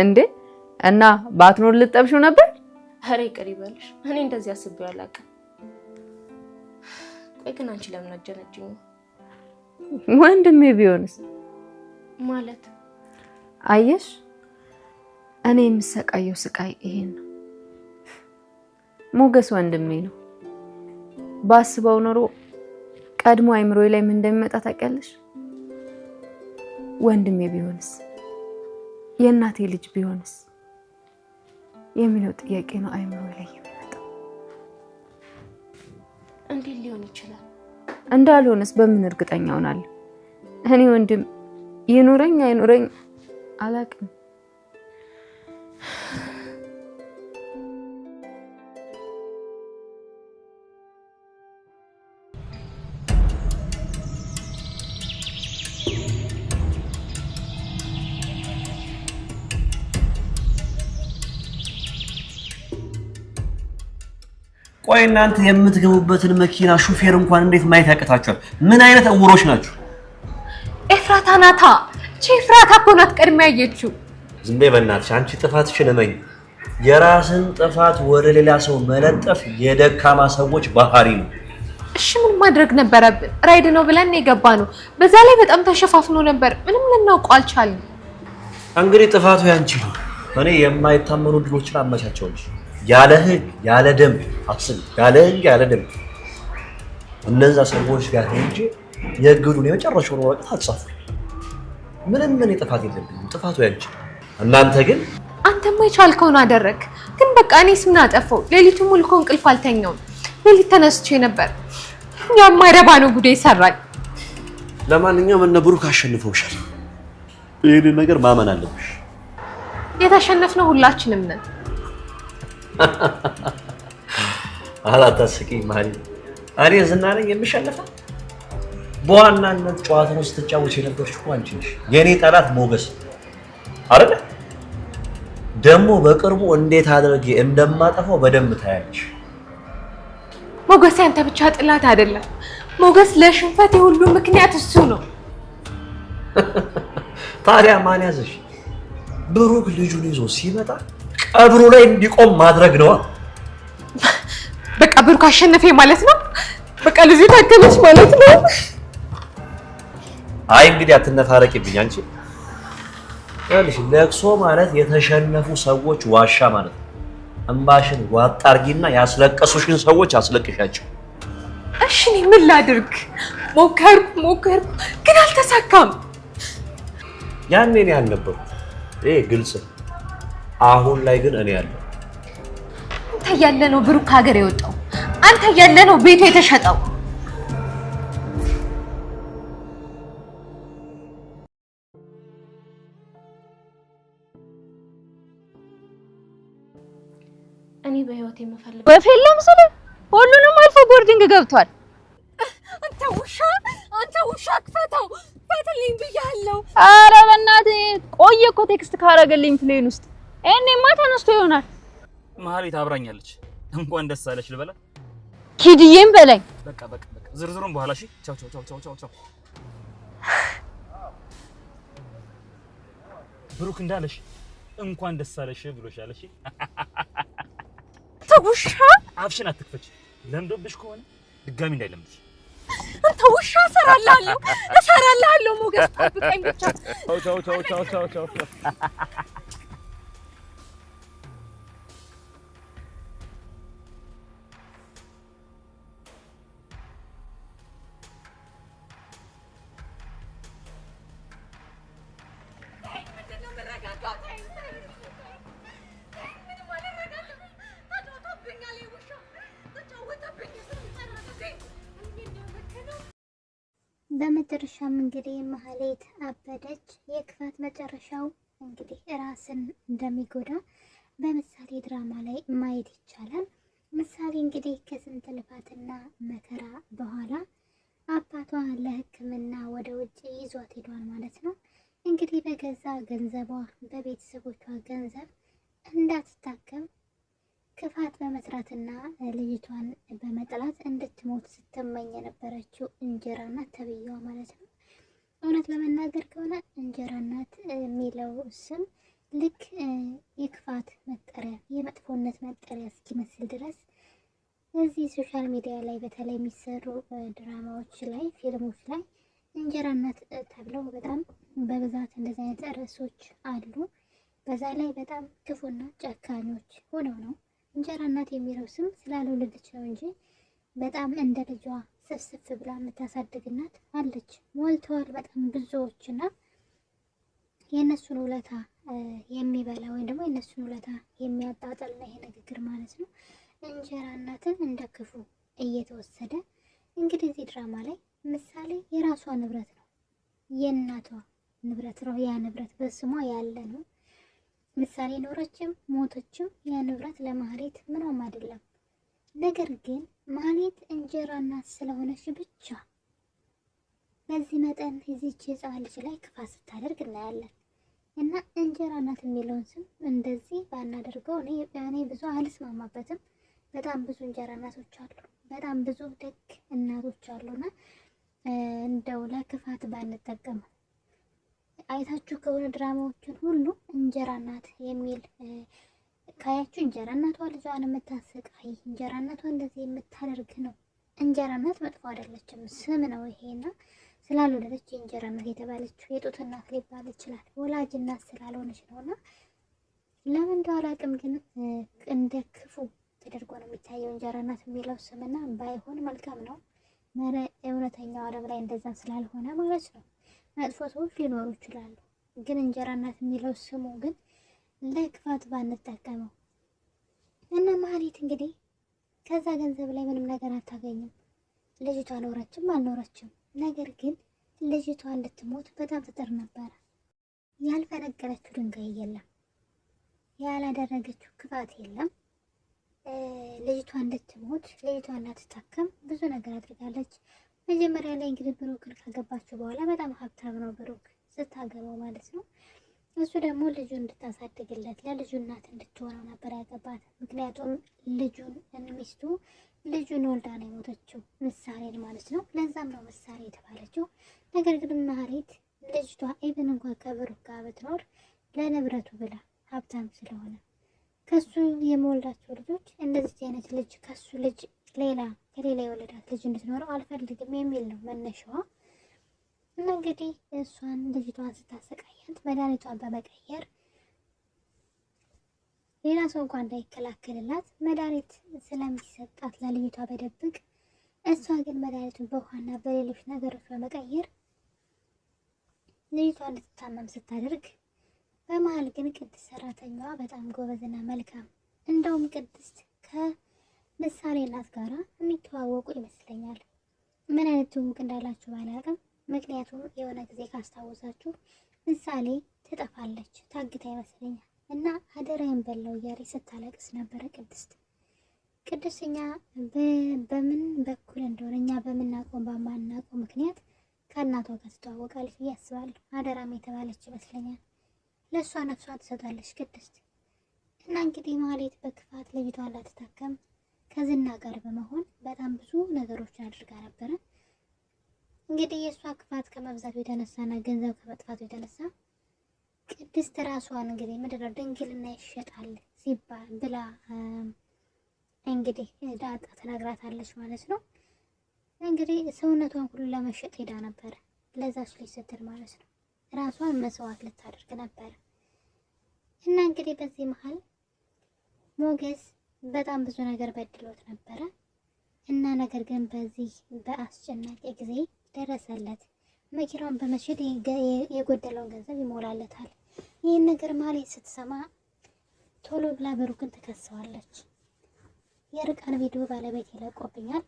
እንዴ እና ባትኖር ልጠብሽው ነበር? ኧረ ይቅር ይበልሽ። እኔ እንደዚህ አስቤው አላውቅም። ቆይ ግን አንቺ ለምን አጀነጅኝ? ወንድሜ ቢሆንስ ማለት አየሽ፣ እኔ የምሰቃየው ስቃይ ይሄን ነው። ሞገስ ወንድሜ ነው። ባስበው ኖሮ ቀድሞ አይምሮ ላይ ምን እንደሚመጣ ታውቂያለሽ? ወንድሜ ቢሆንስ የእናቴ ልጅ ቢሆንስ የሚለው ጥያቄ ነው አይምሮ ላይ የሚመጣው። እንዴት ሊሆን ይችላል? እንዳልሆነስ በምን እርግጠኛ ሆናለሁ? እኔ ወንድም ይኑረኝ አይኑረኝ አላቅም። ቆይ እናንተ የምትገቡበትን መኪና ሹፌር እንኳን እንዴት ማየት ያቀታችኋል? ምን አይነት እውሮች ናችሁ? ኤፍራታ ናታ ቺ ኤፍራታ እኮ ናት ቀድሜ ያየችው። ዝም በይ በእናትሽ። አንቺ ጥፋትሽን እመኝ። የራስን ጥፋት ወደ ሌላ ሰው መለጠፍ የደካማ ሰዎች ባህሪ ነው። እሺ ምን ማድረግ ነበረብን? ራይድ ነው ብለን የገባ ነው። በዛ ላይ በጣም ተሸፋፍኖ ነበር። ምንም ልናውቀው አልቻልንም። እንግዲህ ጥፋቱ ያንቺ ነው። እኔ የማይታመኑ ድሎችን አመቻቸውልሽ። ያለ ህግ ያለ ደንብ አስብ፣ ያለ ህግ ያለ ደንብ እነዛ ሰዎች ጋር እንጂ የእግዱን የመጨረሻውን ወረቀት አጻፉ። ምንም ምን ጥፋት የለብኝም፣ ጥፋቱ ያንቺ። እናንተ ግን አንተማ የቻልከውን አደረግ። ግን በቃ እኔስ ምን አጠፋው? ሌሊቱ ሙሉ እኮ እንቅልፍ አልተኛውም። ሌሊት ተነስቼ ነበር። የማይረባ ነው ጉዴ ይሰራል። ለማንኛውም እነ ብሩክ አሸንፈውሻል። ይህንን ነገር ማመን አለብሽ። የተሸነፍነው ሁላችንም ነን። አላታስቂኝ ማሪ። እኔ ዝናነኝ የምሸንፈው በዋናነት ጨዋታውን ስትጫወች የነበርሽ እኮ አንቺ ነሽ። የእኔ ጠላት ሞገስ አይደለ? ደግሞ በቅርቡ እንዴት አድርጌ እንደማጠፋው በደንብ ታያለሽ። ሞገስ ያንተ ብቻ ጥላት አይደለም። ሞገስ ለሽንፈት የሁሉ ምክንያት እሱ ነው። ታዲያ ማን ያዘሽ? ብሩክ ልጁን ይዞ ሲመጣ ቀብሩ ላይ እንዲቆም ማድረግ ነዋ። በቃ ብሩክ አሸነፈ ማለት ነው። በቃ ልጅ ታከለች ማለት ነው። አይ እንግዲህ አትነፋረቂብኝ አንቺ። ይኸውልሽ ለቅሶ ማለት የተሸነፉ ሰዎች ዋሻ ማለት ነው። እምባሽን ዋጥ አድርጊና ያስለቀሱሽን ሰዎች አስለቅሻቸው። እሺ እኔ ምን ላድርግ? ሞከርኩ ሞከርኩ ግን አልተሳካም። ያኔ እኔ አልነበርኩም። ይሄ ግልጽ አሁን ላይ ግን እኔ ያለው አንተ ያለ ነው ብሩክ ሀገር የወጣው። አንተ ያለ ነው ቤቱ የተሸጠው። እኔ በህይወት የምፈልገው በፌላም ስለ ሁሉንም አልፎ ቦርዲንግ ገብቷል። አንተ ውሻ፣ አንተ ውሻ ክፈተው፣ ፈትልኝ ብያለሁ። አረ በእናትህ ቆየ እኮ ቴክስት ካረገልኝ ፕሌን ውስጥ እኔማ ተነስቶ ይሆናል። መሀሌት አብራኛለች። እንኳን ደስ አለሽ ልበላት? ኪድዬም በለኝ። በቃ በቃ በቃ፣ ዝርዝሩን በኋላ እሺ። ቻው ቻው ቻው ቻው ቻው። ብሩክ እንዳለሽ እንኳን ደስ አለሽ ብሎሻል። እሺ ተውሻ፣ አፍሽን አትክፈች። ለምዶብሽ ከሆነ ድጋሚ እንዳይለምድሽ። ተውሻ፣ እሰራልሃለሁ፣ እሰራልሃለሁ። ሞገስ ጠብቀኝ ብቻ። ቻው ቻው ቻው ቻው ቻው በመጨረሻም እንግዲህ ማህሌት አበደች። የክፋት መጨረሻው እንግዲህ ራስን እንደሚጎዳ በምሳሌ ድራማ ላይ ማየት ይቻላል። ምሳሌ እንግዲህ ከስንት ልፋትና መከራ በኋላ አባቷ ለሕክምና ወደ ውጭ ይዟት ሄዷል ማለት ነው። እንግዲህ በገዛ ገንዘቧ በቤተሰቦቿ ገንዘብ እንዳትታከም ክፋት በመስራትና ልጅቷን በመጥላት እንድትሞት ስትመኝ የነበረችው እንጀራ እናት ተብዬዋ ማለት ነው። እውነት ለመናገር ከሆነ እንጀራ እናት የሚለው ስም ልክ የክፋት መጠሪያ፣ የመጥፎነት መጠሪያ እስኪመስል ድረስ እዚህ ሶሻል ሚዲያ ላይ በተለይ የሚሰሩ ድራማዎች ላይ፣ ፊልሞች ላይ እንጀራ እናት ተብለው በጣም በብዛት እንደዚህ አይነት ርዕሶች አሉ። በዛ ላይ በጣም ክፉና ጨካኞች ሆነው ነው እንጀራ እናት የሚለው ስም ስላልወለደች ነው እንጂ በጣም እንደ ልጇ ስፍስፍ ብላ የምታሳድግ እናት አለች። ሞልተዋል በጣም ብዙዎች እና የእነሱን ውለታ የሚበላ ወይም ደግሞ የእነሱን ውለታ የሚያጣጠል ነው ይሄ ንግግር ማለት ነው። እንጀራ እናትን እንደ ክፉ እየተወሰደ እንግዲህ እዚህ ድራማ ላይ ምሳሌ የራሷ ንብረት ነው፣ የእናቷ ንብረት ነው። ያ ንብረት በስሟ ያለ ነው። ምሳሌ ኖረችም ሞተችም ያ ንብረት ለማህሌት ምንም አይደለም። ነገር ግን ማህሌት እንጀራ እናት ስለሆነች ብቻ በዚህ መጠን እዚች የጻን ልጅ ላይ ክፋት ስታደርግ እናያለን። እና እንጀራ እናት የሚለውን ስም እንደዚህ ባናደርገው እኔ ብዙ አልስማማበትም። በጣም ብዙ እንጀራ እናቶች አሉ፣ በጣም ብዙ ደግ እናቶች አሉና እንደው ለክፋት ባንጠቀመው አይታችሁ ከሆነ ድራማዎችን ሁሉ እንጀራ እናት የሚል ካያችሁ እንጀራ እናቷ ልጇን የምታሰቃይ እንጀራ እናቷ እንደዚህ የምታደርግ ነው። እንጀራ እናት መጥፎ አይደለችም፣ ስም ነው ይሄና ስላልወለደች የእንጀራ እናት የተባለችው የጡት እናት ሊባል ይችላል። ወላጅ እናት ስላልሆነች ነውና ለምን እንደው አላውቅም፣ ግን እንደ ክፉ ተደርጎ ነው የሚታየው እንጀራ እናት የሚለው ስምና ባይሆን መልካም ነው። እውነተኛው ዓለም ላይ እንደዛ ስላልሆነ ማለት ነው። መጥፎ ሰዎች ሊኖሩ ይችላሉ። ግን እንጀራ እናት የሚለው ስሙ ግን ለክፋት ባንጠቀመው እና መሀሌት እንግዲህ ከዛ ገንዘብ ላይ ምንም ነገር አታገኝም። ልጅቷ አልኖረችም አልኖረችም፣ ነገር ግን ልጅቷ እንድትሞት በጣም ትጥር ነበረ። ያልፈነቀለችው ድንጋይ የለም፣ ያላደረገችው ክፋት የለም። ልጅቷ እንድትሞት ልጅቷ እንዳትታከም ብዙ ነገር አድርጋለች። መጀመሪያ ላይ እንግዲህ ብሩክን ካገባችሁ በኋላ በጣም ሀብታም ነው ብሩክ ስታገባው ማለት ነው። እሱ ደግሞ ልጁ እንድታሳድግለት ለልጁ እናት እንድትሆነው ነበር ያገባት። ምክንያቱም ልጁን ሚስቱ ልጁን ወልዳ ነው የሞተችው ምሳሌን ማለት ነው። ለዛም ነው ምሳሌ የተባለችው። ነገር ግን ማህሌት ልጅቷ ኢብን እንኳን ከብሩክ ጋር ብትኖር ለንብረቱ ብላ ሀብታም ስለሆነ ከሱ የመወልዳቸው ልጆች እንደዚህ አይነት ልጅ ከሱ ልጅ ሌላ ከሌላ የወለዳት ልጅ እንድትኖረው አልፈልግም የሚል ነው መነሻዋ። እና እንግዲህ እሷን ልጅቷን ስታሰቃያት መድኃኒቷን በመቀየር ሌላ ሰው እንኳ እንዳይከላከልላት መድኃኒት ስለሚሰጣት ለልጅቷ በደብቅ እሷ ግን መድኃኒቱን በውሃና በሌሎች ነገሮች በመቀየር ልጅቷ እንድትታመም ስታደርግ፣ በመሀል ግን ቅድስት ሰራተኛዋ በጣም ጎበዝና መልካም እንደውም ቅድስት ከ ምሳሌ እናት ጋራ የሚተዋወቁ ይመስለኛል። ምን አይነት ትውውቅ እንዳላችሁ ባላቅም፣ ምክንያቱም የሆነ ጊዜ ካስታወሳችሁ ምሳሌ ትጠፋለች፣ ታግታ ይመስለኛል እና አደራዬን በለው እያሬ ስታለቅስ ነበረ ቅድስት። ቅድስት እኛ በምን በኩል እንደሆነ እኛ በምናውቀው በማናውቀው ምክንያት ከእናቷ ጋር ትተዋወቃለች ብዬ አስባለሁ። አደራም የተባለች ይመስለኛል። ለእሷ ነፍሷ ትሰጣለች ቅድስት እና እንግዲህ ማሌት በክፋት ልጅቷ አላትታከም ከዝና ጋር በመሆን በጣም ብዙ ነገሮችን አድርጋ ነበረ። እንግዲህ የእሷ ክፋት ከመብዛቱ የተነሳና ገንዘብ ከመጥፋቱ የተነሳ ቅድስት ራሷን እንግዲህ ምንድነው ድንግልና ይሸጣል ሲባል ብላ እንግዲህ ዳጣ ተናግራታለች ማለት ነው። እንግዲህ ሰውነቷን ሁሉ ለመሸጥ ሄዳ ነበረ፣ ለዛ ሱ ስትል ማለት ነው። ራሷን መስዋዕት ልታደርግ ነበረ እና እንግዲህ በዚህ መሀል ሞገስ በጣም ብዙ ነገር በድሎት ነበረ እና ነገር ግን በዚህ በአስጨናቂ ጊዜ ደረሰለት። መኪናውን በመሸጥ የጎደለውን ገንዘብ ይሞላለታል። ይህን ነገር ማሌ ስትሰማ ቶሎ ብላ ብሩክን ትከሰዋለች። የርቃን ቪዲዮ ባለቤት ይለቆብኛል፣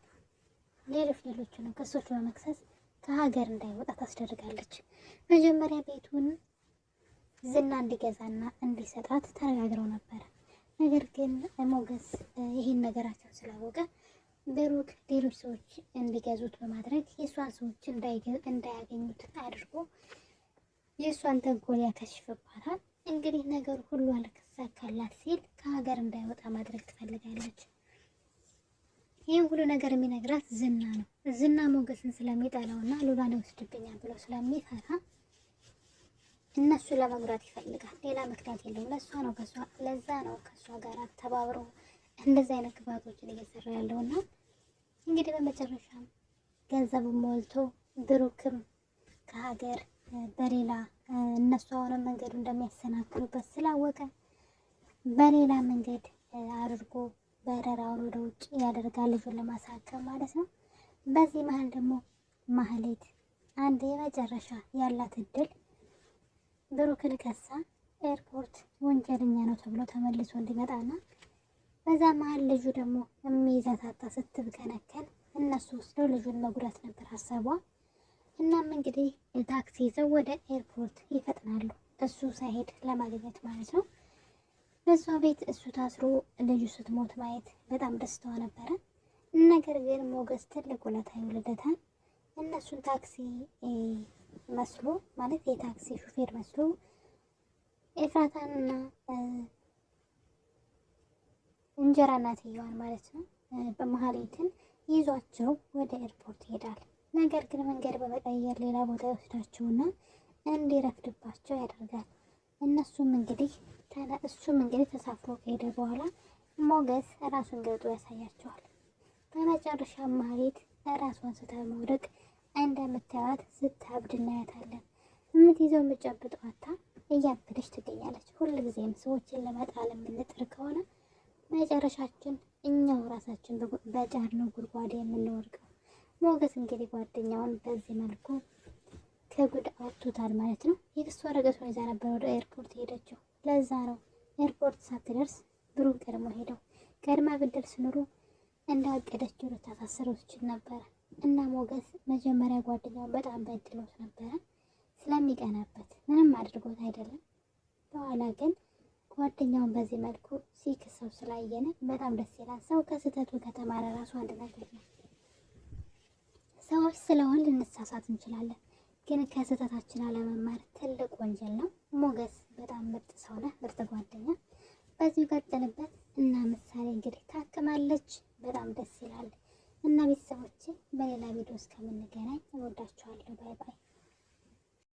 ሌሎች ሌሎችንም ክሶች በመክሰስ ከሀገር እንዳይወጣ ታስደርጋለች። መጀመሪያ ቤቱን ዝና እንዲገዛና እንዲሰጣት ተነጋግረው ነበረ። ነገር ግን ሞገስ ይህን ነገራቸውን ስላወቀ ብሩክ ሌሎች ሰዎች እንዲገዙት በማድረግ የእሷ ሰዎች እንዳያገኙት አድርጎ የእሷን ተንኮል ያከሽፍባታል። እንግዲህ ነገር ሁሉ አልተሳካላት ሲል ከሀገር እንዳይወጣ ማድረግ ትፈልጋለች። ይህም ሁሉ ነገር የሚነግራት ዝና ነው። ዝና ሞገስን ስለሚጠላውና ሉላ ሊወስድብኛል ብሎ ስለሚፈራ እነሱ ለመጉዳት ይፈልጋል። ሌላ ምክንያት የለውም። ለእሷ ነው ከሷ ለዛ ነው ከእሷ ጋር ተባብሮ እንደዚህ አይነት ክፋቶችን እየሰራ ያለው እንግዲህ በመጨረሻም ገንዘቡን ሞልቶ ብሩክም ከሀገር በሌላ እነሱ አሁንም መንገዱ እንደሚያሰናክሉበት ስላወቀ በሌላ መንገድ አድርጎ በረራውን ወደ ውጭ ያደርጋል፣ ልጁን ለማሳከም ማለት ነው። በዚህ መሀል ደግሞ ማህሌት አንድ የመጨረሻ ያላት እድል ብሩክን ከሳ ኤርፖርት ወንጀለኛ ነው ተብሎ ተመልሶ እንዲመጣና በዛ መሀል ልጁ ደግሞ የሚይዘታታ ስትብከነከን እነሱ ወስደው ልጁን መጉዳት ነበር ሀሳቧ። እናም እንግዲህ ታክሲ ይዘው ወደ ኤርፖርት ይፈጥናሉ፣ እሱ ሳይሄድ ለማግኘት ማለት ነው። በእሷ ቤት እሱ ታስሮ ልጁ ስትሞት ማየት በጣም ደስታዋ ነበረ። ነገር ግን ሞገስ ትልቅ ውለታ ይውልለታል። እነሱን ታክሲ መስሎ ማለት የታክሲ ሹፌር መስሎ ኤፍራታንና እንጀራ እናትየዋን ማለት ነው በመሀሌትን ይዟቸው ወደ ኤርፖርት ይሄዳል። ነገር ግን መንገድ በመቀየር ሌላ ቦታ ይወስዳቸውና እንዲረፍድባቸው ያደርጋል። እነሱም እንግዲህ እሱም እንግዲህ ተሳፍሮ ከሄደ በኋላ ሞገስ ራሱን ገልጦ ያሳያቸዋል። በመጨረሻ መሀሌት ራሷን ስታ መውደቅ እንደምታዩት ስታብድ እናያታለን። የምትይዘው የምትጨብጠው አታ እያበደች ትገኛለች። ጊዜም ሰዎችን ለመጣል የምንጥር ከሆነ መጨረሻችን እኛው ራሳችን በጫርነው ጉድጓድ የምንወድቀው። ሞገስ እንግዲህ ጓደኛውን በዚህ መልኩ ከጉድ አውጥቶታል ማለት ነው። የክስ ወረቀቱን ይዛ ነበር ወደ ኤርፖርት ሄደችው። ለዛ ነው ኤርፖርት ሳትደርስ ብሩን ቀድሞ ሄደው። ቀድማ ብትደርስ ኑሮ እንዳቀደችው ልታሳስረው ትችል ነበረ። እና ሞገስ መጀመሪያ ጓደኛው በጣም በድሎት ነበረ ስለሚቀናበት ምንም አድርጎት አይደለም። በኋላ ግን ጓደኛውን በዚህ መልኩ ሲክሰው ስላየነ በጣም ደስ ይላል። ሰው ከስህተቱ ከተማረ ራሱ አንድ ነገር ነው። ሰዎች ስለሆን ልንሳሳት እንችላለን፣ ግን ከስህተታችን አለመማር ትልቅ ወንጀል ነው። ሞገስ በጣም ምርጥ ሰው ነህ፣ ምርጥ ጓደኛ። በዚሁ ቀጥልበት እና ምሳሌ እንግዲህ ታክማለች። በጣም ደስ ይላል። እና ቤተሰቦችን በሌላ ቪዲዮ እስከምንገናኝ እወዳችኋለሁ። ባይ ባይ።